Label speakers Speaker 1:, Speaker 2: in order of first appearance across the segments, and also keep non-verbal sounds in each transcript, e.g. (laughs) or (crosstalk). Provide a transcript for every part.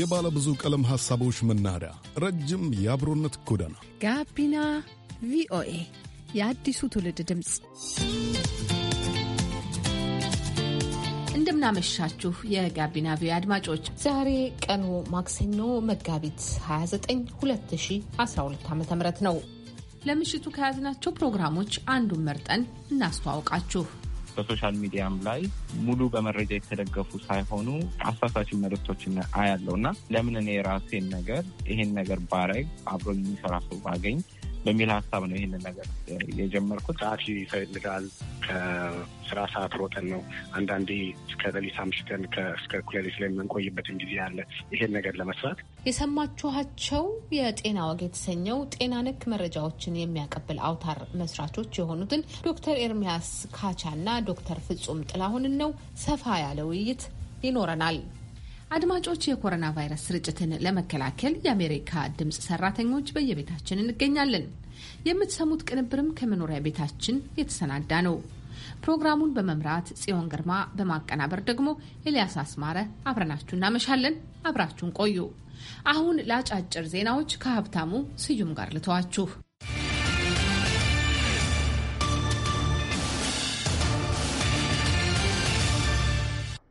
Speaker 1: የባለ ብዙ ቀለም ሐሳቦች መናኸሪያ፣ ረጅም የአብሮነት ጎዳና
Speaker 2: ጋቢና ቪኦኤ የአዲሱ ትውልድ ድምፅ። እንደምናመሻችሁ የጋቢና ቪኦኤ አድማጮች፣ ዛሬ ቀኑ ማክሰኞ መጋቢት 29 2012 ዓ ም ነው። ለምሽቱ ከያዝናቸው ፕሮግራሞች አንዱን መርጠን እናስተዋውቃችሁ።
Speaker 3: በሶሻል ሚዲያም ላይ ሙሉ በመረጃ የተደገፉ ሳይሆኑ አሳሳች መልእክቶችን አያለው እና ለምን እኔ የራሴን ነገር ይሄን ነገር ባረግ አብሮ የሚሰራ ሰው ባገኝ በሚል ሀሳብ ነው ይህንን ነገር
Speaker 4: የጀመርኩት። ሰዓት ይፈልጋል። ከስራ ሰዓት ሮጠን ነው አንዳንዴ እስከ ሌሊት አምሽተን እስከ እኩለ ሌሊት ላይ የምንቆይበትን ጊዜ አለ። ይሄን ነገር ለመስራት
Speaker 2: የሰማችኋቸው የጤና ወግ የተሰኘው ጤና ነክ መረጃዎችን የሚያቀብል አውታር መስራቾች የሆኑትን ዶክተር ኤርሚያስ ካቻ እና ዶክተር ፍጹም ጥላሁንን ነው። ሰፋ ያለ ውይይት ይኖረናል። አድማጮች የኮሮና ቫይረስ ስርጭትን ለመከላከል የአሜሪካ ድምፅ ሰራተኞች በየቤታችን እንገኛለን። የምትሰሙት ቅንብርም ከመኖሪያ ቤታችን የተሰናዳ ነው። ፕሮግራሙን በመምራት ጽዮን ግርማ፣ በማቀናበር ደግሞ ኤልያስ አስማረ አብረናችሁ እናመሻለን። አብራችሁን ቆዩ። አሁን ለአጫጭር ዜናዎች ከሀብታሙ ስዩም ጋር ልተዋችሁ።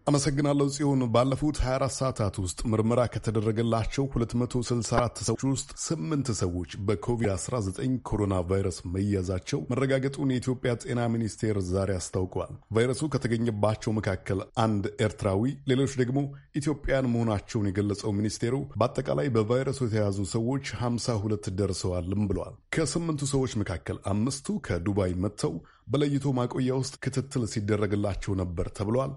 Speaker 1: አመሰግናለሁ ጽዮን። ባለፉት 24 ሰዓታት ውስጥ ምርመራ ከተደረገላቸው 264 ሰዎች ውስጥ ስምንት ሰዎች በኮቪድ-19 ኮሮና ቫይረስ መያዛቸው መረጋገጡን የኢትዮጵያ ጤና ሚኒስቴር ዛሬ አስታውቋል። ቫይረሱ ከተገኘባቸው መካከል አንድ ኤርትራዊ፣ ሌሎች ደግሞ ኢትዮጵያን መሆናቸውን የገለጸው ሚኒስቴሩ በአጠቃላይ በቫይረሱ የተያዙ ሰዎች 52 ደርሰዋልም ብለዋል። ከስምንቱ ሰዎች መካከል አምስቱ ከዱባይ መጥተው በለይቶ ማቆያ ውስጥ ክትትል ሲደረግላቸው ነበር ተብሏል።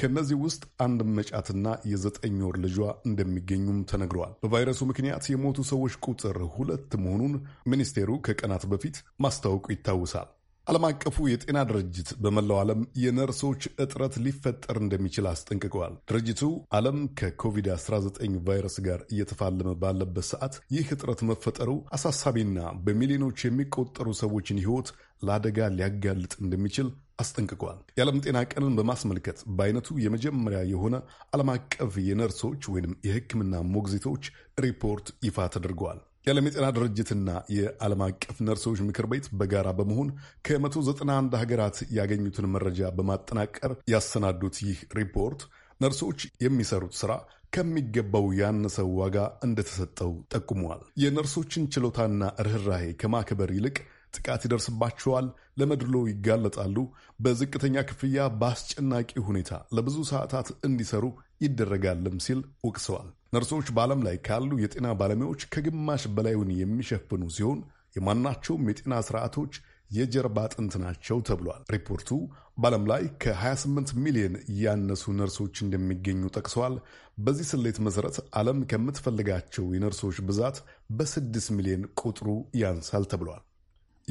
Speaker 1: ከእነዚህ ውስጥ አንድ መጫትና የዘጠኝ ወር ልጇ እንደሚገኙም ተነግረዋል። በቫይረሱ ምክንያት የሞቱ ሰዎች ቁጥር ሁለት መሆኑን ሚኒስቴሩ ከቀናት በፊት ማስታወቁ ይታወሳል። ዓለም አቀፉ የጤና ድርጅት በመላው ዓለም የነርሶች እጥረት ሊፈጠር እንደሚችል አስጠንቅቀዋል። ድርጅቱ ዓለም ከኮቪድ-19 ቫይረስ ጋር እየተፋለመ ባለበት ሰዓት ይህ እጥረት መፈጠሩ አሳሳቢና በሚሊዮኖች የሚቆጠሩ ሰዎችን ሕይወት ለአደጋ ሊያጋልጥ እንደሚችል አስጠንቅቋል። የዓለም ጤና ቀንን በማስመልከት በአይነቱ የመጀመሪያ የሆነ ዓለም አቀፍ የነርሶች ወይም የሕክምና ሞግዚቶች ሪፖርት ይፋ ተደርገዋል። የዓለም የጤና ድርጅትና የዓለም አቀፍ ነርሶች ምክር ቤት በጋራ በመሆን ከ191 ሀገራት ያገኙትን መረጃ በማጠናቀር ያሰናዱት ይህ ሪፖርት ነርሶች የሚሰሩት ስራ ከሚገባው ያነሰው ዋጋ እንደተሰጠው ጠቁመዋል። የነርሶችን ችሎታና ርኅራሄ ከማክበር ይልቅ ጥቃት ይደርስባቸዋል፣ ለመድሎ ይጋለጣሉ፣ በዝቅተኛ ክፍያ በአስጨናቂ ሁኔታ ለብዙ ሰዓታት እንዲሰሩ ይደረጋልም ሲል ወቅሰዋል። ነርሶች በዓለም ላይ ካሉ የጤና ባለሙያዎች ከግማሽ በላዩን የሚሸፍኑ ሲሆን የማናቸውም የጤና ስርዓቶች የጀርባ አጥንት ናቸው ተብሏል። ሪፖርቱ በዓለም ላይ ከ28 ሚሊዮን ያነሱ ነርሶች እንደሚገኙ ጠቅሰዋል። በዚህ ስሌት መሠረት ዓለም ከምትፈልጋቸው የነርሶች ብዛት በ በ6 ሚሊዮን ቁጥሩ ያንሳል ተብሏል።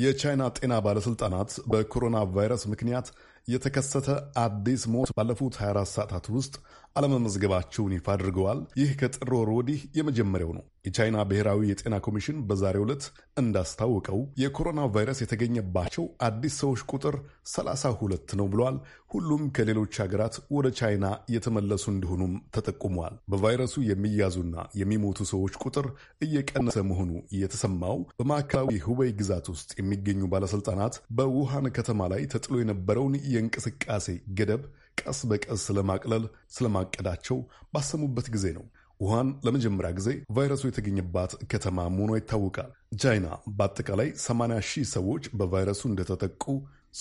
Speaker 1: የቻይና ጤና ባለሥልጣናት በኮሮና ቫይረስ ምክንያት የተከሰተ አዲስ ሞት ባለፉት 24 ሰዓታት ውስጥ አለመመዝገባቸውን ይፋ አድርገዋል። ይህ ከጥር ወር ወዲህ የመጀመሪያው ነው። የቻይና ብሔራዊ የጤና ኮሚሽን በዛሬው ዕለት እንዳስታወቀው የኮሮና ቫይረስ የተገኘባቸው አዲስ ሰዎች ቁጥር 32 ነው ብሏል። ሁሉም ከሌሎች ሀገራት ወደ ቻይና የተመለሱ እንዲሆኑም ተጠቁመዋል። በቫይረሱ የሚያዙና የሚሞቱ ሰዎች ቁጥር እየቀነሰ መሆኑ የተሰማው በማዕከላዊ ሁበይ ግዛት ውስጥ የሚገኙ ባለስልጣናት በውሃን ከተማ ላይ ተጥሎ የነበረውን የእንቅስቃሴ ገደብ ቀስ በቀስ ስለማቅለል ስለማቀዳቸው ባሰሙበት ጊዜ ነው። ውሃን ለመጀመሪያ ጊዜ ቫይረሱ የተገኘባት ከተማ መሆኗ ይታወቃል። ቻይና በአጠቃላይ 80 ሺህ ሰዎች በቫይረሱ እንደተጠቁ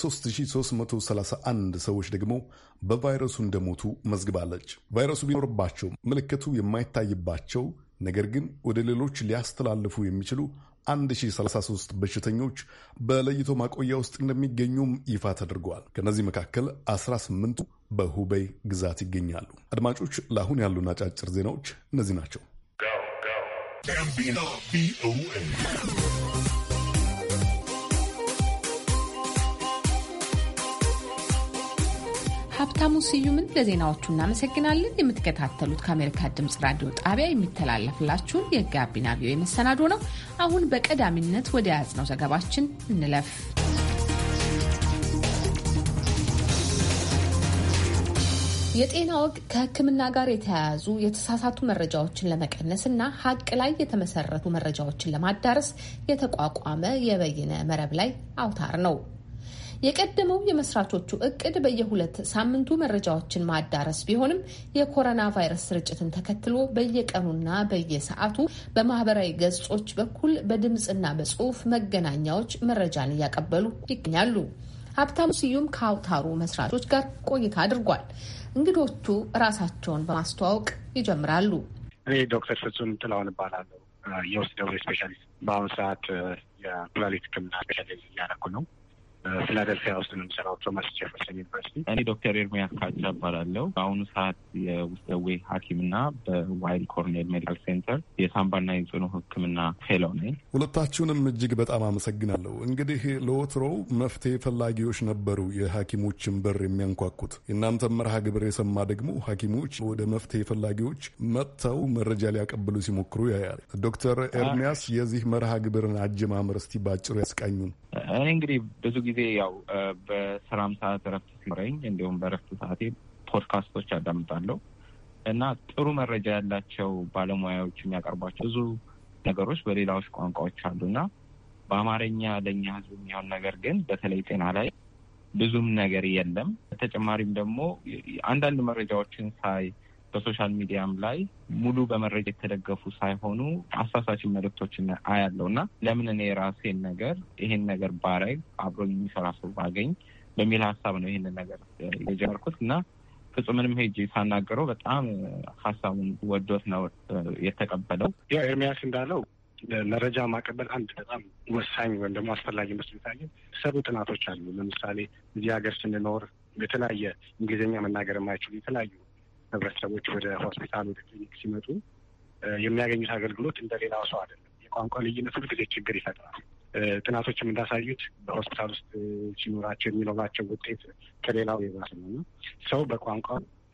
Speaker 1: 3331 ሰዎች ደግሞ በቫይረሱ እንደሞቱ መዝግባለች። ቫይረሱ ቢኖርባቸውም ምልክቱ የማይታይባቸው ነገር ግን ወደ ሌሎች ሊያስተላልፉ የሚችሉ 1033 በሽተኞች በለይቶ ማቆያ ውስጥ እንደሚገኙም ይፋ ተደርጓል። ከእነዚህ መካከል 18ቱ በሁቤይ ግዛት ይገኛሉ። አድማጮች፣ ለአሁን ያሉን አጫጭር ዜናዎች እነዚህ ናቸው።
Speaker 2: ሀብታሙ ስዩምን ለዜናዎቹ እናመሰግናለን። የምትከታተሉት ከአሜሪካ ድምጽ ራዲዮ ጣቢያ የሚተላለፍላችሁን የጋቢና ቪኦኤ መሰናዶ ነው። አሁን በቀዳሚነት ወደ ያዝነው ዘገባችን እንለፍ። የጤና ወግ ከሕክምና ጋር የተያያዙ የተሳሳቱ መረጃዎችን ለመቀነስ እና ሀቅ ላይ የተመሰረቱ መረጃዎችን ለማዳረስ የተቋቋመ የበይነ መረብ ላይ አውታር ነው። የቀደመው የመስራቾቹ እቅድ በየሁለት ሳምንቱ መረጃዎችን ማዳረስ ቢሆንም የኮሮና ቫይረስ ስርጭትን ተከትሎ በየቀኑና በየሰዓቱ በማህበራዊ ገጾች በኩል በድምፅና በጽሁፍ መገናኛዎች መረጃን እያቀበሉ ይገኛሉ። ሀብታሙ ስዩም ከአውታሩ መስራቾች ጋር ቆይታ አድርጓል። እንግዶቹ ራሳቸውን በማስተዋወቅ ይጀምራሉ።
Speaker 4: እኔ ዶክተር ፍጹም ጥላውን እባላለሁ። የውስጥ ደዌ ስፔሻሊስት፣ በአሁኑ ሰዓት የኩላሊት ሕክምና ስፔሻሊስት እያደረኩ ነው። ፊላደልፊያ ውስጥ ነው ቶማስ ዩኒቨርሲቲ።
Speaker 3: እኔ ዶክተር ኤርሚያስ ካቻ እባላለሁ። በአሁኑ ሰዓት የውስጥ ደዌ ሐኪምና በዋይልድ ኮርኔል ሜዲካል ሴንተር የሳምባና የጽኑ ሕክምና ፌሎ ነኝ።
Speaker 1: ሁለታችሁንም እጅግ በጣም አመሰግናለሁ። እንግዲህ ለወትሮው መፍትሄ ፈላጊዎች ነበሩ የሐኪሞችን በር የሚያንኳኩት። የእናንተ መርሃ ግብር የሰማ ደግሞ ሐኪሞች ወደ መፍትሄ ፈላጊዎች መጥተው መረጃ ሊያቀብሉ ሲሞክሩ ያያል። ዶክተር ኤርሚያስ የዚህ መርሃ ግብርን አጀማመር እስቲ ባጭሩ ያስቃኙን።
Speaker 3: እኔ እንግዲህ ብዙ ጊዜ ጊዜ ያው በስራም ሰዓት እረፍት ሲኖረኝ እንዲሁም በእረፍት ሰዓቴ ፖድካስቶች አዳምጣለሁ እና ጥሩ መረጃ ያላቸው ባለሙያዎች የሚያቀርቧቸው ብዙ ነገሮች በሌላዎች ቋንቋዎች አሉና በአማርኛ ለእኛ ህዝብ የሚሆን ነገር ግን በተለይ ጤና ላይ ብዙም ነገር የለም። በተጨማሪም ደግሞ አንዳንድ መረጃዎችን ሳይ በሶሻል ሚዲያም ላይ ሙሉ በመረጃ የተደገፉ ሳይሆኑ አሳሳች መልእክቶችን አያለው እና ለምን እኔ የራሴን ነገር ይሄን ነገር ባረግ አብሮ የሚሰራ ሰው ባገኝ በሚል ሀሳብ ነው ይሄንን ነገር የጀመርኩት እና ፍጹምንም ሄጅ ሳናገረው በጣም ሀሳቡን ወዶት ነው የተቀበለው።
Speaker 4: ያ ኤርሚያስ እንዳለው መረጃ ማቀበል አንድ በጣም ወሳኝ ወይም ደግሞ አስፈላጊ መስሎ ሰሩ ጥናቶች አሉ። ለምሳሌ እዚህ ሀገር ስንኖር የተለያየ እንግሊዝኛ መናገር የማይችሉ የተለያዩ ህብረተሰቦች ወደ ሆስፒታል፣ ወደ ክሊኒክ ሲመጡ የሚያገኙት አገልግሎት እንደሌላው ሰው አይደለም። የቋንቋ ልዩነት ሁልጊዜ ችግር ይፈጥራል። ጥናቶችም እንዳሳዩት በሆስፒታል ውስጥ ሲኖራቸው የሚኖራቸው ውጤት ከሌላው የባሰ ነው ሰው በቋንቋ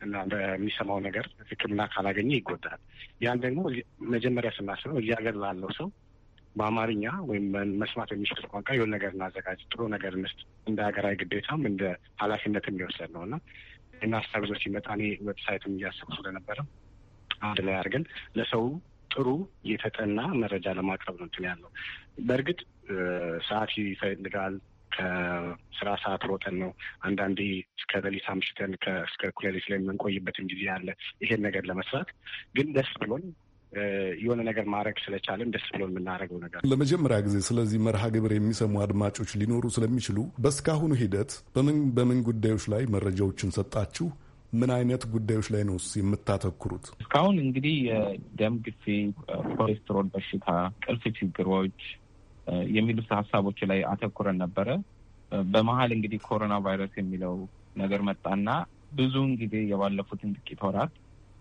Speaker 4: እና በሚሰማው ነገር ሕክምና ካላገኘ ይጎዳል። ያን ደግሞ መጀመሪያ ስናስበው እዚህ ሀገር ላለው ሰው በአማርኛ ወይም መስማት የሚችል ቋንቋ የሆነ ነገር እናዘጋጅ፣ ጥሩ ነገር እንስጥ፣ እንደ ሀገራዊ ግዴታም እንደ ኃላፊነትም የሚወሰድ ነው እና እና ሀሳብ ይዞ ሲመጣ እኔ ዌብሳይትም እያሰብ ስለነበረ አንድ ላይ አድርገን ለሰው ጥሩ የተጠና መረጃ ለማቅረብ ነው እንትን ያለው። በእርግጥ ሰዓት ይፈልጋል። ከስራ ሰዓት ሮጠን ነው አንዳንዴ እስከ ሌሊት አምሽተን እስከ ኩሌሊት ላይ የምንቆይበትን ጊዜ አለ። ይሄን ነገር ለመስራት ግን ደስ ብሎን የሆነ ነገር ማድረግ ስለቻለን ደስ ብሎ የምናደርገው ነገር።
Speaker 1: ለመጀመሪያ ጊዜ ስለዚህ መርሃ ግብር የሚሰሙ አድማጮች ሊኖሩ ስለሚችሉ በእስካሁኑ ሂደት በምን በምን ጉዳዮች ላይ መረጃዎችን ሰጣችሁ? ምን አይነት ጉዳዮች ላይ ነው የምታተኩሩት?
Speaker 3: እስካሁን እንግዲህ የደም ግፊት፣ ኮሌስትሮል በሽታ፣ ቅልፍ ችግሮች የሚሉት ሀሳቦች ላይ አተኩረን ነበረ። በመሀል እንግዲህ ኮሮና ቫይረስ የሚለው ነገር መጣና ብዙውን ጊዜ የባለፉትን ጥቂት ወራት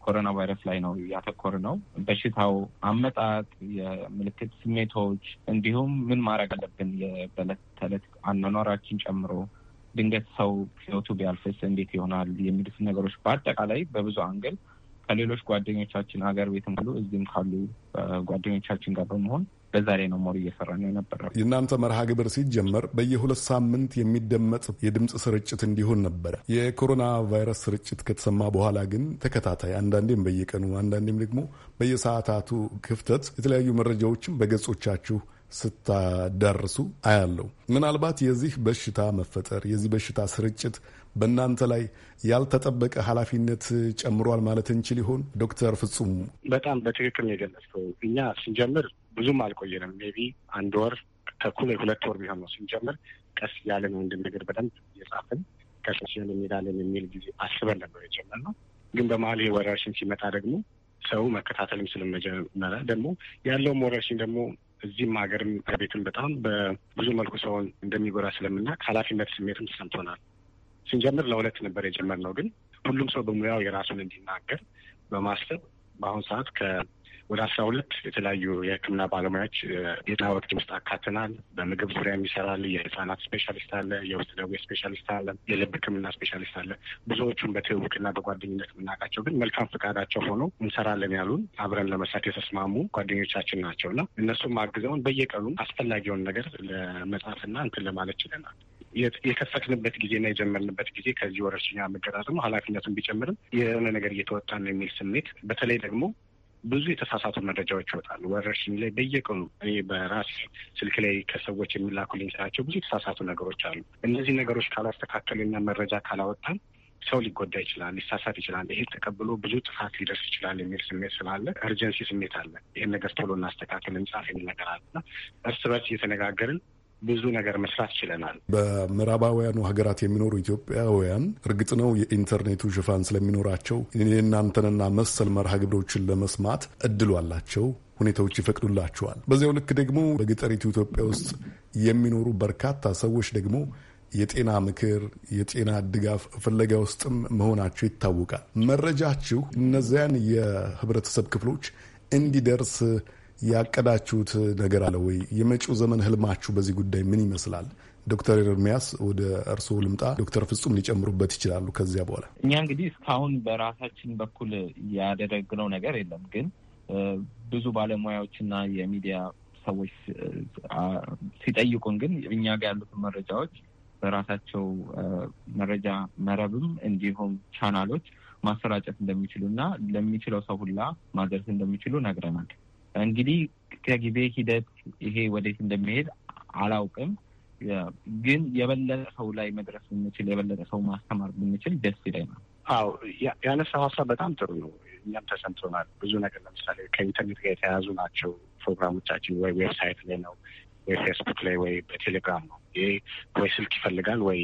Speaker 3: ኮሮና ቫይረስ ላይ ነው ያተኮር ነው። በሽታው አመጣጥ፣ የምልክት ስሜቶች እንዲሁም ምን ማድረግ አለብን የበለት ተዕለት አኗኗራችን ጨምሮ ድንገት ሰው ህይወቱ ቢያልፍስ እንዴት ይሆናል የሚሉት ነገሮች በአጠቃላይ በብዙ አንግል ከሌሎች ጓደኞቻችን ሀገር ቤትም ካሉ እዚህም ካሉ ጓደኞቻችን ጋር በመሆን በዛ ላይ ነው ሞር እየሰራ ነው የነበረው።
Speaker 1: የእናንተ መርሃ ግብር ሲጀመር በየሁለት ሳምንት የሚደመጥ የድምፅ ስርጭት እንዲሆን ነበረ። የኮሮና ቫይረስ ስርጭት ከተሰማ በኋላ ግን ተከታታይ አንዳንዴም በየቀኑ አንዳንዴም ደግሞ በየሰዓታቱ ክፍተት የተለያዩ መረጃዎችን በገጾቻችሁ ስታዳርሱ አያለው። ምናልባት የዚህ በሽታ መፈጠር የዚህ በሽታ ስርጭት በእናንተ ላይ ያልተጠበቀ ኃላፊነት ጨምሯል ማለት እንችል ይሆን? ዶክተር ፍጹም፣
Speaker 4: በጣም በትክክል ነው የገለጽከው። እኛ ስንጀምር ብዙም አልቆየንም። ሜቢ አንድ ወር ተኩል ሁለት ወር ቢሆን ነው ስንጀምር። ቀስ ያለ ነው ነገር በደንብ እየጻፍን ቀስ ሲሆን እንሄዳለን የሚል ጊዜ አስበን ነበር የጀመርነው። ግን በመሀል ይሄ ወረርሽኝ ሲመጣ ደግሞ ሰው መከታተልም ስለመጀመረ ደግሞ ያለውም ወረርሽኝ ደግሞ እዚህም ሀገርም ከቤትም በጣም በብዙ መልኩ ሰውን እንደሚጎዳ ስለምናቅ ኃላፊነት ስሜትም ተሰምቶናል። ስንጀምር ለሁለት ነበር የጀመርነው፣ ግን ሁሉም ሰው በሙያው የራሱን እንዲናገር በማሰብ በአሁን ሰዓት ከ ወደ አስራ ሁለት የተለያዩ የህክምና ባለሙያዎች ጤና ወቅት ውስጥ አካትናል። በምግብ ዙሪያ የሚሰራል የህፃናት ስፔሻሊስት አለ፣ የውስጥ ደዌ ስፔሻሊስት አለ፣ የልብ ህክምና ስፔሻሊስት አለ። ብዙዎቹን በትውውቅና በጓደኝነት የምናውቃቸው ግን መልካም ፈቃዳቸው ሆኖ እንሰራለን ያሉን አብረን ለመስራት የተስማሙ ጓደኞቻችን ናቸው እና እነሱም አግዘውን በየቀኑ አስፈላጊውን ነገር ለመጻፍና እንትን ለማለት ችለናል። የከፈትንበት ጊዜና የጀመርንበት ጊዜ ከዚህ ወረርሽኛ መገጣጠሙ ኃላፊነቱን ቢጨምርም የሆነ ነገር እየተወጣ ነው የሚል ስሜት በተለይ ደግሞ ብዙ የተሳሳቱ መረጃዎች ይወጣሉ። ወረርሽኝ ላይ በየቀኑ እኔ በራሴ ስልክ ላይ ከሰዎች የሚላኩልኝ ስራቸው ብዙ የተሳሳቱ ነገሮች አሉ። እነዚህ ነገሮች ካላስተካከልና መረጃ ካላወጣን ሰው ሊጎዳ ይችላል፣ ሊሳሳት ይችላል። ይሄ ተቀብሎ ብዙ ጥፋት ሊደርስ ይችላል የሚል ስሜት ስላለ እርጀንሲ ስሜት አለ። ይህን ነገር ቶሎ እናስተካከል፣ እንጻፍ የሚል ነገር አለና እርስ በርስ እየተነጋገርን ብዙ ነገር መስራት ችለናል።
Speaker 1: በምዕራባውያኑ ሀገራት የሚኖሩ ኢትዮጵያውያን እርግጥ ነው የኢንተርኔቱ ሽፋን ስለሚኖራቸው የእናንተንና መሰል መርሃ ግብሮችን ለመስማት እድሉ አላቸው፣ ሁኔታዎች ይፈቅዱላቸዋል። በዚያው ልክ ደግሞ በገጠሪቱ ኢትዮጵያ ውስጥ የሚኖሩ በርካታ ሰዎች ደግሞ የጤና ምክር፣ የጤና ድጋፍ ፍለጋ ውስጥም መሆናቸው ይታወቃል። መረጃችሁ እነዚያን የህብረተሰብ ክፍሎች እንዲደርስ ያቀዳችሁት ነገር አለ ወይ? የመጪው ዘመን ህልማችሁ በዚህ ጉዳይ ምን ይመስላል? ዶክተር ኤርሚያስ ወደ እርስዎ ልምጣ። ዶክተር ፍጹም ሊጨምሩበት ይችላሉ። ከዚያ በኋላ
Speaker 3: እኛ እንግዲህ እስካሁን በራሳችን በኩል ያደረግነው ነገር የለም፣ ግን ብዙ ባለሙያዎችና የሚዲያ ሰዎች ሲጠይቁን ግን እኛ ጋር ያሉት መረጃዎች በራሳቸው መረጃ መረብም እንዲሁም ቻናሎች ማሰራጨት እንደሚችሉ እና ለሚችለው ሰው ሁላ ማድረስ እንደሚችሉ ነግረናል። እንግዲህ ከጊዜ ሂደት ይሄ ወዴት እንደሚሄድ አላውቅም። ግን የበለጠ ሰው ላይ መድረስ ብንችል፣ የበለጠ ሰው ማስተማር ብንችል ደስ ይለኛል።
Speaker 4: አዎ ያነሳው ሀሳብ በጣም ጥሩ ነው። እኛም ተሰምቶናል። ብዙ ነገር ለምሳሌ ከኢንተርኔት ጋር የተያያዙ ናቸው ፕሮግራሞቻችን፣ ወይ ዌብሳይት ላይ ነው ወይ ፌስቡክ ላይ ወይ በቴሌግራም ነው። ይሄ ወይ ስልክ ይፈልጋል ወይ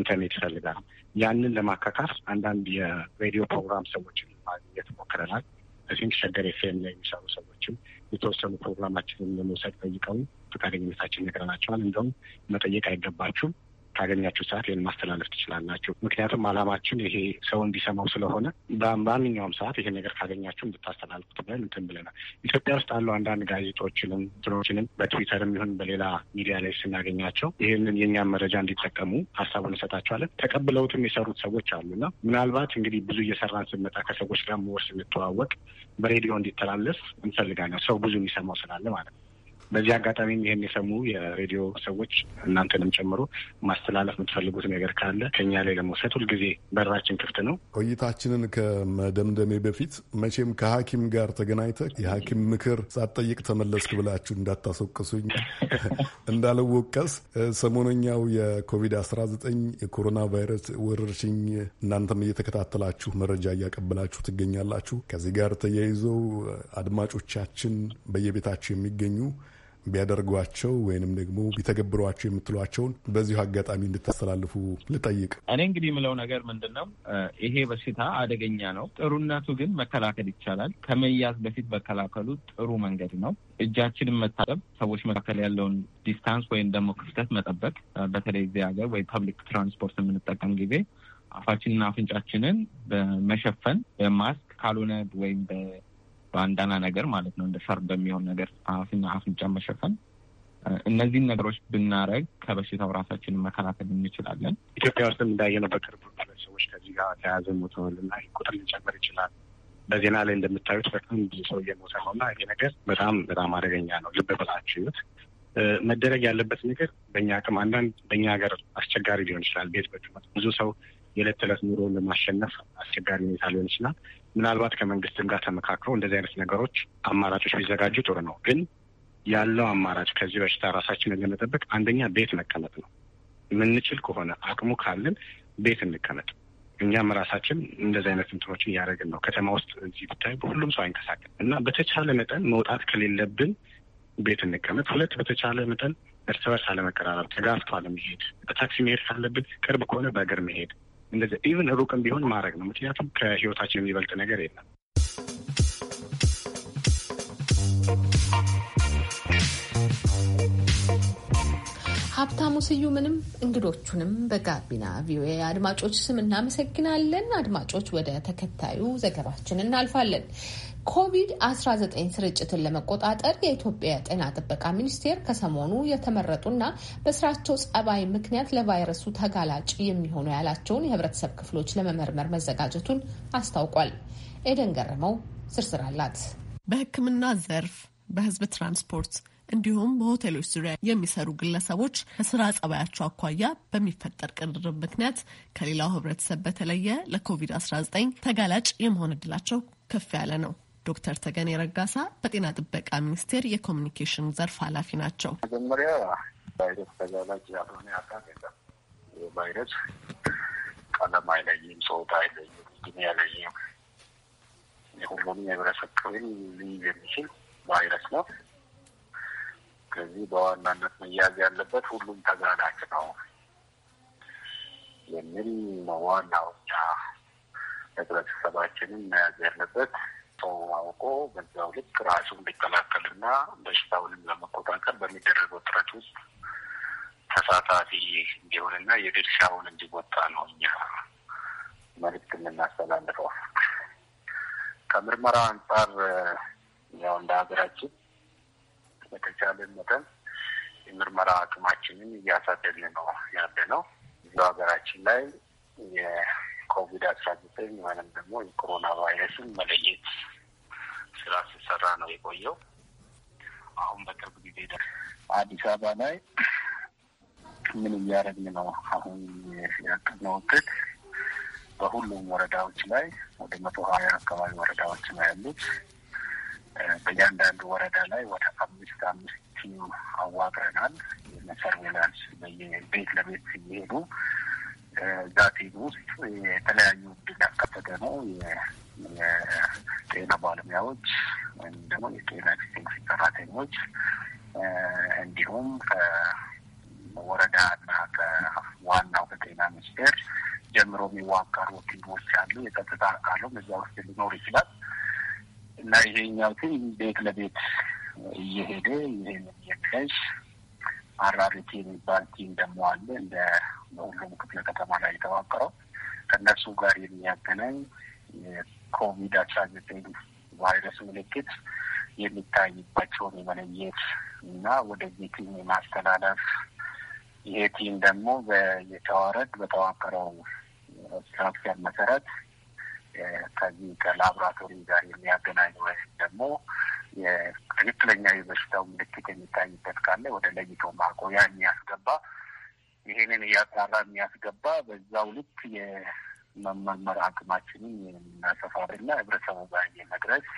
Speaker 4: ኢንተርኔት ይፈልጋል። ያንን ለማካካስ አንዳንድ የሬዲዮ ፕሮግራም ሰዎችን ማግኘት ሞክረናል። በዚህም ሸገር ኤፍኤም ላይ የሚሰሩ ሰዎችም የተወሰኑ ፕሮግራማችንን ለመውሰድ ጠይቀውን ፈቃደኝነታችን ነግረናቸዋል። እንደውም መጠየቅ አይገባችሁም በምታገኛቸው ሰዓት ይህን ማስተላለፍ ትችላላችሁ። ምክንያቱም አላማችን ይሄ ሰው እንዲሰማው ስለሆነ በማንኛውም ሰዓት ይሄ ነገር ካገኛችሁ እንድታስተላልፉት ብለን እንትን ብለናል። ኢትዮጵያ ውስጥ አሉ አንዳንድ ጋዜጦችንም ትኖችንም በትዊተርም ይሁን በሌላ ሚዲያ ላይ ስናገኛቸው ይህንን የእኛን መረጃ እንዲጠቀሙ ሀሳቡን እንሰጣቸዋለን። ተቀብለውትም የሰሩት ሰዎች አሉና ምናልባት እንግዲህ ብዙ እየሰራን ስንመጣ ከሰዎች ጋር መወር ስንተዋወቅ በሬዲዮ እንዲተላለፍ እንፈልጋለን። ሰው ብዙ የሚሰማው ስላለ ማለት ነው። በዚህ አጋጣሚ ይህን የሰሙ የሬዲዮ ሰዎች እናንተንም ጨምሮ ማስተላለፍ የምትፈልጉት ነገር ካለ ከኛ ላይ ለመውሰድ ሁልጊዜ በራችን ክፍት ነው።
Speaker 1: ቆይታችንን ከመደምደሜ በፊት መቼም ከሐኪም ጋር ተገናኝተ የሐኪም ምክር ሳትጠይቅ ተመለስክ ብላችሁ እንዳታስወቅሱኝ (laughs) እንዳልወቀስ ሰሞነኛው የኮቪድ-19 የኮሮና ቫይረስ ወረርሽኝ እናንተም እየተከታተላችሁ መረጃ እያቀበላችሁ ትገኛላችሁ። ከዚህ ጋር ተያይዘው አድማጮቻችን በየቤታቸው የሚገኙ ቢያደርጓቸው ወይንም ደግሞ ቢተገብሯቸው የምትሏቸውን በዚሁ አጋጣሚ እንድታስተላልፉ ልጠይቅ።
Speaker 3: እኔ እንግዲህ የምለው ነገር ምንድን ነው፣ ይሄ በሽታ አደገኛ ነው። ጥሩነቱ ግን መከላከል ይቻላል። ከመያዝ በፊት መከላከሉ ጥሩ መንገድ ነው። እጃችንን መታጠብ፣ ሰዎች መካከል ያለውን ዲስታንስ ወይም ደግሞ ክፍተት መጠበቅ፣ በተለይ እዚህ ሀገር ወይ ፐብሊክ ትራንስፖርት የምንጠቀም ጊዜ አፋችንና አፍንጫችንን በመሸፈን በማስክ ካልሆነ ወይም በአንዳና ነገር ማለት ነው እንደ ሰር በሚሆን ነገር አፍና አፍንጫ መሸፈን እነዚህን ነገሮች ብናረግ ከበሽታው ራሳችንን መከላከል
Speaker 4: እንችላለን። ኢትዮጵያ ውስጥም እንዳየነው በቅርብ ማለት ሰዎች ከዚህ ጋር ተያዘ ሞተውልና ቁጥር ሊጨምር ይችላል። በዜና ላይ እንደምታዩት በጣም ብዙ ሰው እየሞተ ነው እና ይሄ ነገር በጣም በጣም አደገኛ ነው። ልብ ብላችሁ መደረግ ያለበት ነገር በእኛ አቅም አንዳንድ በእኛ ሀገር አስቸጋሪ ሊሆን ይችላል። ቤት በት ብዙ ሰው የዕለት ተዕለት ኑሮ ለማሸነፍ አስቸጋሪ ሁኔታ ሊሆን ይችላል። ምናልባት ከመንግስትም ጋር ተመካክሮ እንደዚህ አይነት ነገሮች አማራጮች ቢዘጋጁ ጥሩ ነው። ግን ያለው አማራጭ ከዚህ በሽታ ራሳችንን ለመጠበቅ አንደኛ ቤት መቀመጥ ነው። የምንችል ከሆነ አቅሙ ካለን ቤት እንቀመጥ። እኛም ራሳችን እንደዚህ አይነት እንትኖችን እያደረግን ነው። ከተማ ውስጥ እዚህ ብታይ ሁሉም ሰው አይንቀሳቀስ እና በተቻለ መጠን መውጣት ከሌለብን ቤት እንቀመጥ። ሁለት በተቻለ መጠን እርስ በርስ አለመቀራረብ፣ ተጋፍቶ አለመሄድ። በታክሲ መሄድ ካለብን ቅርብ ከሆነ በእግር መሄድ እንደዚህ ኢቨን ሩቅም ቢሆን ማድረግ ነው። ምክንያቱም ከህይወታችን የሚበልጥ ነገር የለም።
Speaker 2: ሀብታሙ ስዩምንም እንግዶቹንም በጋቢና ቪኦኤ አድማጮች ስም እናመሰግናለን። አድማጮች ወደ ተከታዩ ዘገባችን እናልፋለን። ኮቪድ-19 ስርጭትን ለመቆጣጠር የኢትዮጵያ ጤና ጥበቃ ሚኒስቴር ከሰሞኑ የተመረጡና በስራቸው ጸባይ ምክንያት ለቫይረሱ ተጋላጭ የሚሆኑ ያላቸውን የህብረተሰብ ክፍሎች ለመመርመር መዘጋጀቱን አስታውቋል።
Speaker 5: ኤደን ገረመው ዝርዝር አላት። በህክምና ዘርፍ፣ በህዝብ ትራንስፖርት እንዲሁም በሆቴሎች ዙሪያ የሚሰሩ ግለሰቦች ከስራ ጸባያቸው አኳያ በሚፈጠር ቅርርብ ምክንያት ከሌላው ህብረተሰብ በተለየ ለኮቪድ-19 ተጋላጭ የመሆን እድላቸው ከፍ ያለ ነው። ዶክተር ተገኔ ረጋሳ በጤና ጥበቃ ሚኒስቴር የኮሚኒኬሽን ዘርፍ ኃላፊ ናቸው።
Speaker 6: መጀመሪያ ቫይረስ ተጋላጭ ያልሆነ አካል የለም። ቫይረስ ቀለም አይለይም፣ ጾታ አይለይም፣ እድሜ አይለይም። የሁሉም የህብረተሰብ ክፍል ሊይዝ የሚችል ቫይረስ ነው። ከዚህ በዋናነት መያዝ ያለበት ሁሉም ተጋላጭ ነው የሚል ዋናው እኛ ህብረተሰባችንን መያዝ ያለበት ሰው አውቆ በዛው ልክ ራሱን ሊከላከልና በሽታውንም ለመቆጣጠር በሚደረገው ጥረት ውስጥ ተሳታፊ እንዲሆንና የድርሻውን እንዲወጣ ነው እኛ መልዕክት የምናስተላልፈው። ከምርመራ አንጻር ያው እንደ ሀገራችን በተቻለ መጠን የምርመራ አቅማችንን እያሳደግን ነው ያለ ነው። ብዙ ሀገራችን ላይ የኮቪድ አስራ ዘጠኝ ወይም ደግሞ የኮሮና ቫይረስን መለየት ስራ ሲሰራ ነው የቆየው። አሁን በቅርብ ጊዜ ደ አዲስ አበባ ላይ ምን እያደረግን ነው? አሁን ያቀድነው እቅድ በሁሉም ወረዳዎች ላይ ወደ መቶ ሀያ አካባቢ ወረዳዎች ነው ያሉት። በእያንዳንዱ ወረዳ ላይ ወደ አምስት አምስት ቲም አዋቅረናል። ሰርቬላንስ በየቤት ለቤት ሲሄዱ እዛ ቲም ውስጥ የተለያዩ ድል ያካተተ ነው። የጤና ባለሙያዎች ወይም ደግሞ የጤና ኤክስቴንሽን ሰራተኞች እንዲሁም ከወረዳ እና ከዋናው ከጤና ሚኒስቴር ጀምሮ የሚዋቀሩ ቲሞች አሉ። የጸጥታ አካሉም እዚያ ውስጥ ሊኖር ይችላል እና ይሄኛው ቲም ቤት ለቤት እየሄደ ይህን የሚያሽ አራሪቲ የሚባል ቲም ደግሞ አለ። እንደ ሁሉም ክፍለ ከተማ ላይ የተዋቀረው ከእነሱ ጋር የሚያገናኝ ኮቪድ አስራ ዘጠኝ ቫይረስ ምልክት የሚታይባቸውን የመለየት እና ወደዚህ ቲም የማስተላለፍ ይሄ ቲም ደግሞ በየተዋረድ በተዋቀረው ስትራክቸር መሰረት ከዚህ ከላቦራቶሪ ጋር የሚያገናኝ ወይም ደግሞ ትክክለኛ የበሽታው ምልክት የሚታይበት ካለ ወደ ለይቶ ማቆያ የሚያስገባ ይሄንን እያጣራ የሚያስገባ በዛው ልክ መመርመር አቅማችንን የምናሰፋርና ህብረተሰቡ ጋር የመድረስ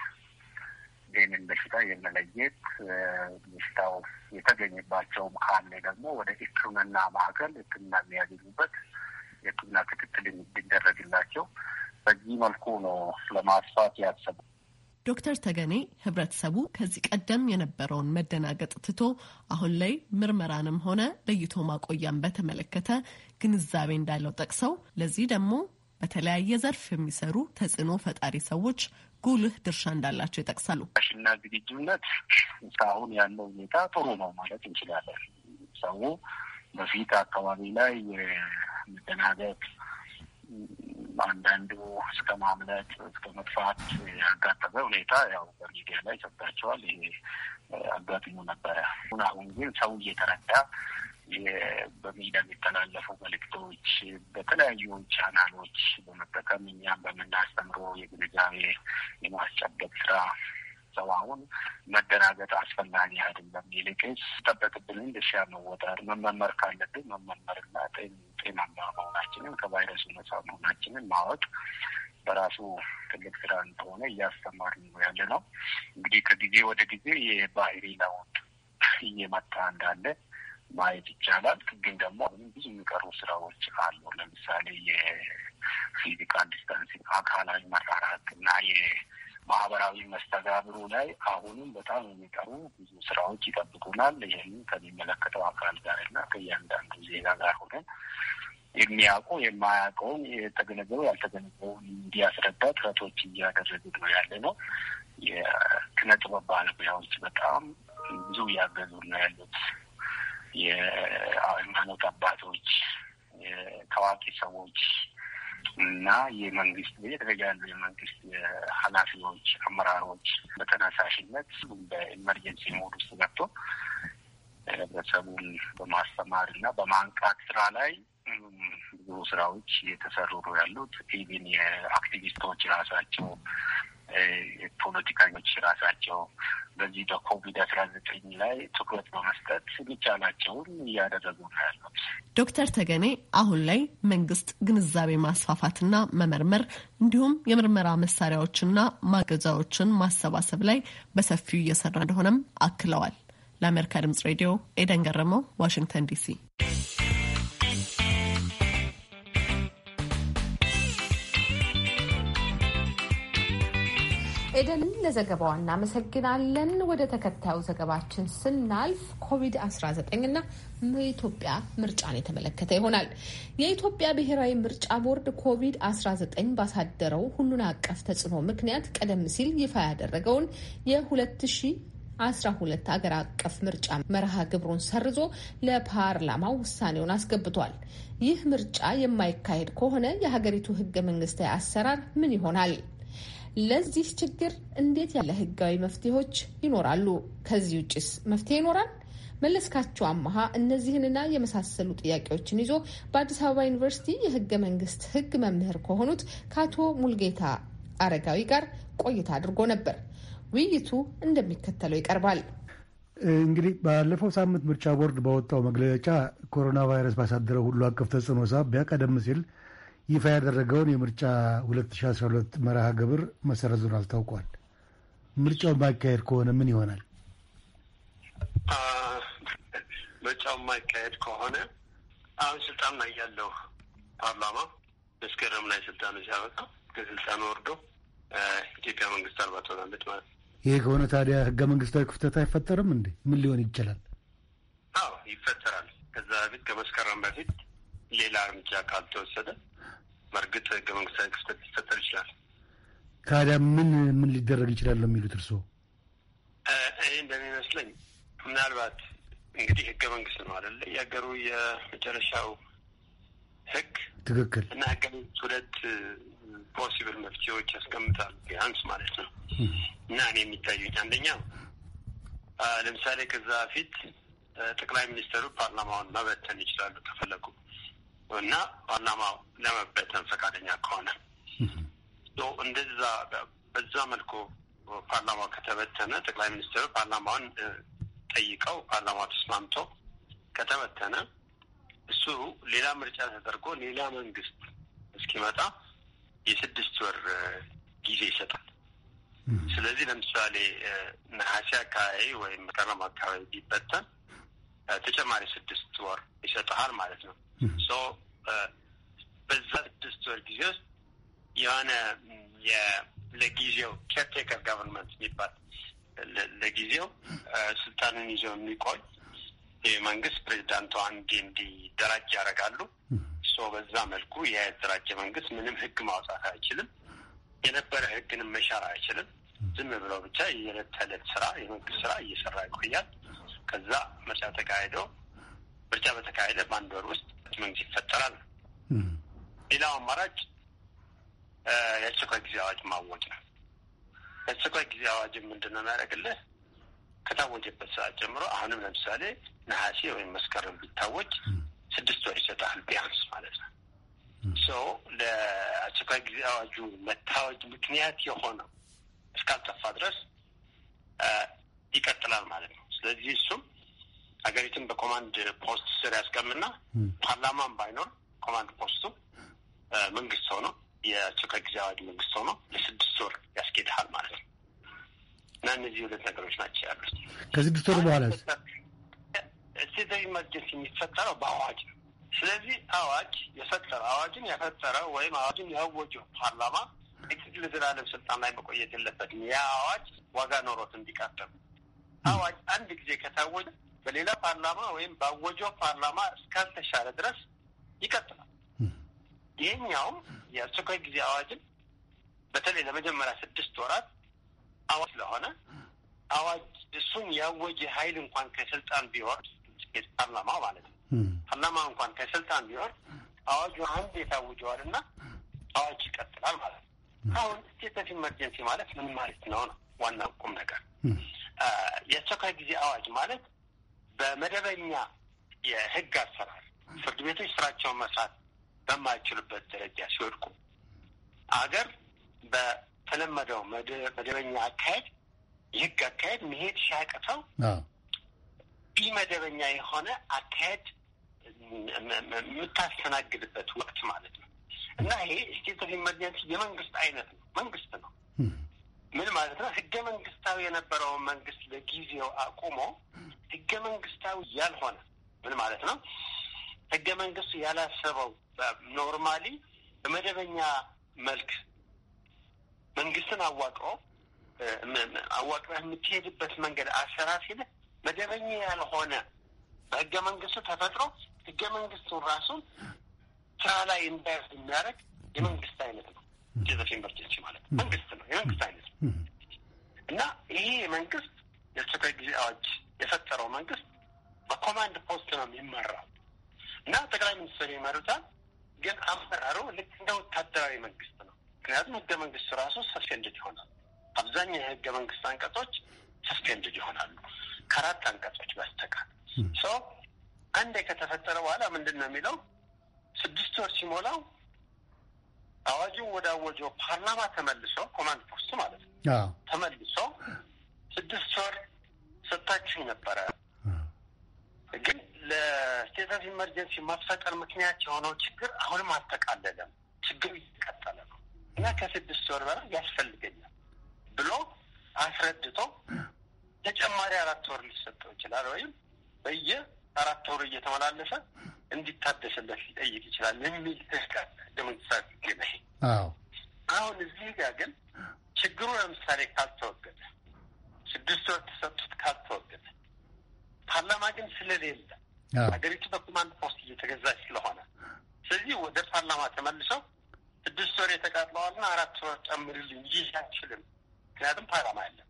Speaker 6: ይህንን በሽታ የመለየት በሽታው የተገኘባቸውም ካለ ደግሞ ወደ ሕክምና ማዕከል ሕክምና የሚያገኙበት የሕክምና ክትትል እንዲደረግላቸው በዚህ መልኩ ነው ለማስፋት ያሰቡ።
Speaker 5: ዶክተር ተገኔ ህብረተሰቡ ከዚህ ቀደም የነበረውን መደናገጥ ትቶ አሁን ላይ ምርመራንም ሆነ ለይቶ ማቆያን በተመለከተ ግንዛቤ እንዳለው ጠቅሰው ለዚህ ደግሞ በተለያየ ዘርፍ የሚሰሩ ተጽዕኖ ፈጣሪ ሰዎች ጉልህ ድርሻ እንዳላቸው ይጠቅሳሉ።
Speaker 6: ሽና ዝግጁነት እስካሁን ያለው ሁኔታ ጥሩ ነው ማለት እንችላለን። ሰው በፊት አካባቢ ላይ የመደናገጥ አንዳንዱ እስከ ማምለጥ እስከ መጥፋት ያጋጠመ ሁኔታ ያው በሚዲያ ላይ ሰብታቸዋል። ይሄ አጋጥሞ ነበረ። አሁን ግን ሰው እየተረዳ በሚዲያ የሚተላለፉ መልእክቶች በተለያዩ ቻናሎች በመጠቀም እኛም በምናስተምሮ የግንዛቤ የማስጨበቅ ስራ ሰው አሁን መደናገጥ አስፈላጊ አይደለም። ይልቅስ ጠበቅብንን ድርሻ መወጠር መመመር ካለብን መመመርና ጤናማ መሆናችንን ከቫይረሱ ነጻ መሆናችንን ማወቅ በራሱ ትልቅ ስራ እንደሆነ እያስተማርን ነው ያለ ነው። እንግዲህ ከጊዜ ወደ ጊዜ የባህሪ ለውጥ እየመጣ እንዳለ ማየት ይቻላል። ግን ደግሞ ብዙ የሚቀሩ ስራዎች አሉ። ለምሳሌ የፊዚካል ዲስታንስ፣ አካላዊ መራራት እና የማህበራዊ መስተጋብሩ ላይ አሁንም በጣም የሚቀሩ ብዙ ስራዎች ይጠብቁናል። ይህንን ከሚመለከተው አካል ጋር እና ከእያንዳንዱ ዜጋ ጋር ሆነን የሚያውቁ የማያውቀውን የተገነዘበው ያልተገነዘበውን እንዲያስረዳ ጥረቶች እያደረግን ነው ያለ ነው። የኪነ ጥበብ ባለሙያዎች በጣም ብዙ እያገዙ ነው ያሉት። የሃይማኖት አባቶች፣ የታዋቂ ሰዎች እና የመንግስት የተለያዩ የመንግስት ኃላፊዎች፣ አመራሮች በተነሳሽነት በኢመርጀንሲ ሞድ ውስጥ ገብቶ ህብረተሰቡን በማስተማር እና በማንቃት ስራ ላይ ብዙ ስራዎች እየተሰሩ ነው ያሉት። ኢቪን የአክቲቪስቶች ራሳቸው ፖለቲከኞች ራሳቸው በዚህ በኮቪድ አስራ ዘጠኝ ላይ ትኩረት በመስጠት የሚቻላቸውን እያደረጉ ነው ያለው
Speaker 5: ዶክተር ተገኔ። አሁን ላይ መንግስት ግንዛቤ ማስፋፋትና መመርመር እንዲሁም የምርመራ መሳሪያዎችና ማገዛዎችን ማሰባሰብ ላይ በሰፊው እየሰራ እንደሆነም አክለዋል። ለአሜሪካ ድምጽ ሬዲዮ ኤደን ገረመው፣ ዋሽንግተን ዲሲ
Speaker 2: ኤደን ለዘገባዋ እናመሰግናለን። ወደ ተከታዩ ዘገባችን ስናልፍ ኮቪድ-19 እና የኢትዮጵያ ምርጫን የተመለከተ ይሆናል። የኢትዮጵያ ብሔራዊ ምርጫ ቦርድ ኮቪድ-19 ባሳደረው ሁሉን አቀፍ ተጽዕኖ ምክንያት ቀደም ሲል ይፋ ያደረገውን የ2000 አስራ ሁለት አገር አቀፍ ምርጫ መርሃ ግብሩን ሰርዞ ለፓርላማው ውሳኔውን አስገብቷል። ይህ ምርጫ የማይካሄድ ከሆነ የሀገሪቱ ህገ መንግስታዊ አሰራር ምን ይሆናል? ለዚህ ችግር እንዴት ያለ ህጋዊ መፍትሄዎች ይኖራሉ? ከዚህ ውጭስ መፍትሄ ይኖራል? መለስካቸው አመሃ እነዚህንና የመሳሰሉ ጥያቄዎችን ይዞ በአዲስ አበባ ዩኒቨርሲቲ የህገ መንግስት ህግ መምህር ከሆኑት ከአቶ ሙልጌታ አረጋዊ ጋር ቆይታ አድርጎ ነበር። ውይይቱ እንደሚከተለው ይቀርባል።
Speaker 4: እንግዲህ ባለፈው ሳምንት ምርጫ ቦርድ ባወጣው መግለጫ ኮሮና ቫይረስ ባሳደረው ሁሉ አቀፍ ተጽዕኖ ሳቢያ ቀደም ሲል ይፋ ያደረገውን የምርጫ 2012 መርሃ ግብር መሰረዙን አስታውቋል። ምርጫው ማካሄድ ከሆነ ምን ይሆናል?
Speaker 7: ምርጫው የማይካሄድ ከሆነ አሁን ስልጣን ላይ ያለው ፓርላማ መስከረም ላይ ስልጣኑ ሲያበቃ ከስልጣን ወርዶ ኢትዮጵያ መንግስት አልባ ትሆናለች ማለት ነው።
Speaker 4: ይሄ ከሆነ ታዲያ ህገ መንግስታዊ ክፍተት አይፈጠርም እንዴ? ምን ሊሆን ይችላል? አዎ ይፈጠራል። ከዛ በፊት ከመስከረም በፊት
Speaker 7: ሌላ እርምጃ ካልተወሰደ በእርግጥ ህገ መንግስታዊ ክፍተት ሊፈጠር ይችላል።
Speaker 1: ታዲያ ምን ምን ሊደረግ ይችላል ነው የሚሉት እርስዎ?
Speaker 7: እኔ እንደሚመስለኝ ምናልባት እንግዲህ ህገ መንግስት ነው አደለ? የሀገሩ
Speaker 4: የመጨረሻው ህግ ትክክል እና ህገ መንግስት ሁለት
Speaker 8: ፖሲብል መፍትሄዎች ያስቀምጣል
Speaker 7: ቢያንስ ማለት ነው። እና እኔ የሚታዩኝ አንደኛው ለምሳሌ ከዛ በፊት ጠቅላይ ሚኒስትሩ ፓርላማውን መበተን ይችላሉ ከፈለጉ እና ፓርላማ ለመበተን ፈቃደኛ ከሆነ እንደዛ በዛ መልኩ ፓርላማ ከተበተነ ጠቅላይ ሚኒስትሩ ፓርላማውን ጠይቀው ፓርላማ ተስማምቶ ከተበተነ እሱ ሌላ ምርጫ ተደርጎ ሌላ መንግስት እስኪመጣ የስድስት ወር ጊዜ ይሰጣል። ስለዚህ ለምሳሌ ነሐሴ አካባቢ ወይም መስከረም አካባቢ ቢበተን ተጨማሪ ስድስት ወር ይሰጠሃል ማለት ነው። ሶ በዛ ስድስት ወር ጊዜ ውስጥ የሆነ ለጊዜው ኬርቴከር ጋቨርንመንት የሚባል ለጊዜው ስልጣንን ይዘው የሚቆይ የመንግስት ፕሬዚዳንቱ እንዲ እንዲደራጅ ያደርጋሉ። ሶ በዛ መልኩ የተደራጀ መንግስት ምንም ህግ ማውጣት አይችልም። የነበረ ህግንም መሻር አይችልም። ዝም ብለው ብቻ የዕለት ተዕለት ስራ የመንግስት ስራ እየሰራ ይቆያል። ከዛ ምርጫ ተካሄደው ምርጫ በተካሄደ በአንድ ወር ውስጥ መንግስት ይፈጠራል። ሌላው አማራጭ የአስቸኳይ ጊዜ አዋጅ ማወጅ ነው። የአስቸኳይ ጊዜ አዋጅ ምንድን ነው የሚያደርግልህ? ከታወጀበት ሰዓት ጀምሮ አሁንም ለምሳሌ ነሐሴ ወይም መስከረም ቢታወጅ ስድስት ወር ይሰጣል ቢያንስ ማለት ነው። ሶ ለአስቸኳይ ጊዜ አዋጁ መታወጅ ምክንያት የሆነው እስካልጠፋ ድረስ ይቀጥላል ማለት ነው። ስለዚህ እሱም ሀገሪቱን በኮማንድ ፖስት ስር ያስቀምና ፓርላማም ባይኖር ኮማንድ ፖስቱ መንግስት ሆኖ የአስቸኳይ ጊዜ አዋጅ መንግስት ሆኖ ለስድስት ወር ያስኬድሃል ማለት ነው እና እነዚህ ሁለት ነገሮች ናቸው ያሉት።
Speaker 4: ከስድስት ወር በኋላ
Speaker 7: ስቴት ኦፍ ኢመርጀንሲ የሚፈጠረው በአዋጅ ነው። ስለዚህ አዋጅ የፈጠረ አዋጅን ያፈጠረ ወይም አዋጅን ያወጀው ፓርላማ ለዘላለም ስልጣን ላይ መቆየት የለበትም። ያ አዋጅ ዋጋ ኖሮት እንዲቀጥም አዋጅ አንድ ጊዜ ከታወጀ በሌላ ፓርላማ ወይም ባወጀው ፓርላማ እስካልተሻረ ድረስ ይቀጥላል። ይህኛውም የአስቸኳይ ጊዜ አዋጅን በተለይ ለመጀመሪያ ስድስት ወራት አዋጅ ስለሆነ አዋጅ እሱን ያወጀ ኃይል እንኳን ከስልጣን ቢወርድ ፓርላማ ማለት ነው። ፓርላማ እንኳን ከስልጣን ቢወርድ አዋጁ አንድ የታውጀዋል እና አዋጅ ይቀጥላል ማለት ነው። አሁን ስቴት ኦፍ ኢመርጀንሲ ማለት ምን ማለት ነው ነው ዋና ቁም ነገር የአስቸኳይ ጊዜ አዋጅ ማለት በመደበኛ የህግ አሰራር ፍርድ ቤቶች ስራቸውን መስራት በማይችሉበት ደረጃ ሲወድቁ አገር በተለመደው መደበኛ አካሄድ የህግ አካሄድ መሄድ ሲያቅተው ኢመደበኛ የሆነ አካሄድ የምታስተናግድበት ወቅት ማለት ነው እና ይሄ ስቴት ኦፍ ኢመርጀንሲ የመንግስት አይነት ነው። መንግስት ነው ምን ማለት ነው? ህገ መንግስታዊ የነበረውን መንግስት ለጊዜው አቁሞ ህገ መንግስታዊ ያልሆነ ምን ማለት ነው? ህገ መንግስቱ ያላሰበው ኖርማሊ በመደበኛ መልክ መንግስትን አዋቅሮ አዋቅረህ የምትሄድበት መንገድ አሰራር መደበኛ ያልሆነ በህገ መንግስቱ ተፈጥሮ ህገ መንግስቱን ራሱን ስራ ላይ እንዳያስ የሚያደርግ የመንግስት አይነት ነው። ጄዘፍ ኤመርጀንሲ ማለት መንግስት ነው፣ የመንግስት አይነት እና ይሄ መንግስት የአስቸኳይ ጊዜ አዋጅ የፈጠረው መንግስት በኮማንድ ፖስት ነው የሚመራው እና ጠቅላይ ሚኒስትር ይመሩታል። ግን አመራሩ ልክ እንደ ወታደራዊ መንግስት ነው። ምክንያቱም ህገ መንግስቱ ራሱ ሰስፔንድድ ይሆናል። አብዛኛው የህገ መንግስት አንቀጾች ሰስፔንድድ ይሆናሉ ከአራት አንቀጾች በስተቀር። ሰው አንዴ ከተፈጠረ በኋላ ምንድን ነው የሚለው ስድስት ወር ሲሞላው አዋጁ ወዳወጀው ፓርላማ ተመልሶ ኮማንድ ፖስት ማለት ነው ተመልሶ ስድስት ወር ሰጥታችሁ ነበረ።
Speaker 8: ግን ለስቴት ኦፍ ኢመርጀንሲ መፈጠር ምክንያት የሆነው
Speaker 7: ችግር አሁንም አልተቃለለም። ችግሩ እየቀጠለ ነው እና ከስድስት ወር በላይ ያስፈልገኛል ብሎ አስረድቶ ተጨማሪ አራት ወር ሊሰጠው ይችላል ወይም በየ አራት ወር እየተመላለሰ እንዲታደሰለት ሊጠይቅ ይችላል የሚል ትህቃል ለመንግስታት ይገናል። አሁን እዚህ ጋር ግን ችግሩ ለምሳሌ ካልተወገደ፣ ስድስት ወር ተሰጡት ካልተወገደ፣ ፓርላማ ግን ስለሌለ ሀገሪቱ በኮማንድ ፖስት እየተገዛች ስለሆነ ስለዚህ ወደ ፓርላማ ተመልሰው ስድስት ወር የተቃጥለዋልና አራት ወር ጨምርልኝ ይህ አይችልም። ምክንያቱም ፓርላማ የለም።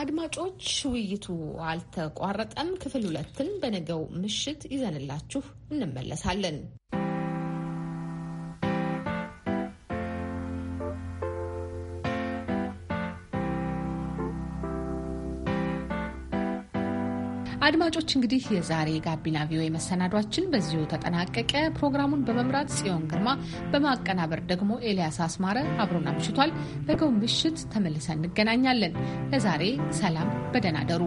Speaker 2: አድማጮች፣ ውይይቱ አልተቋረጠም። ክፍል ሁለትን በነገው ምሽት ይዘንላችሁ እንመለሳለን። አድማጮች እንግዲህ የዛሬ ጋቢና ቪኦኤ መሰናዷችን በዚሁ ተጠናቀቀ። ፕሮግራሙን በመምራት ጽዮን ግርማ፣ በማቀናበር ደግሞ ኤልያስ አስማረ አብሮን አምሽቷል። በገው ምሽት ተመልሰን እንገናኛለን። ለዛሬ ሰላም፣ በደህና ደሩ።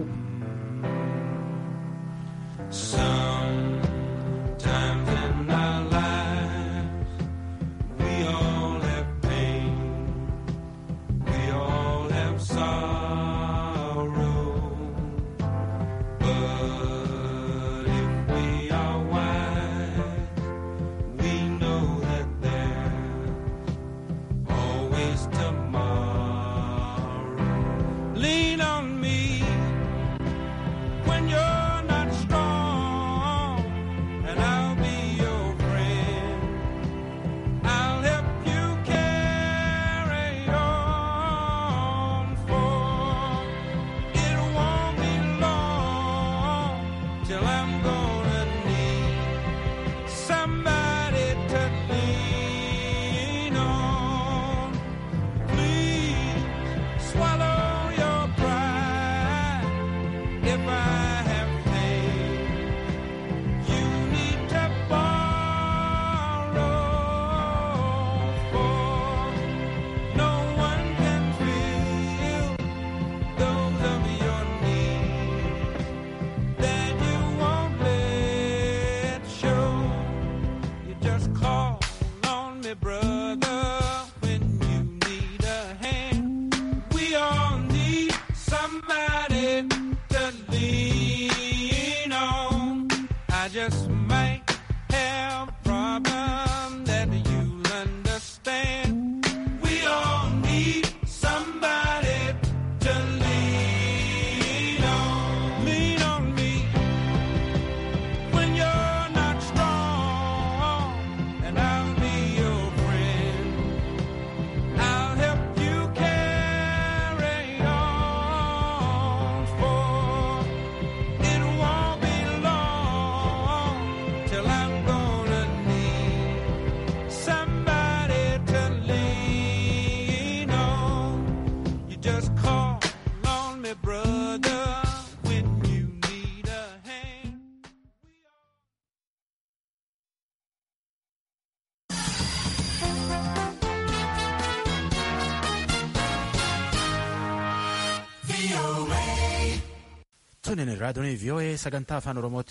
Speaker 4: kan inni irraa aduu VOA
Speaker 3: sagantaa afaan Oromooti.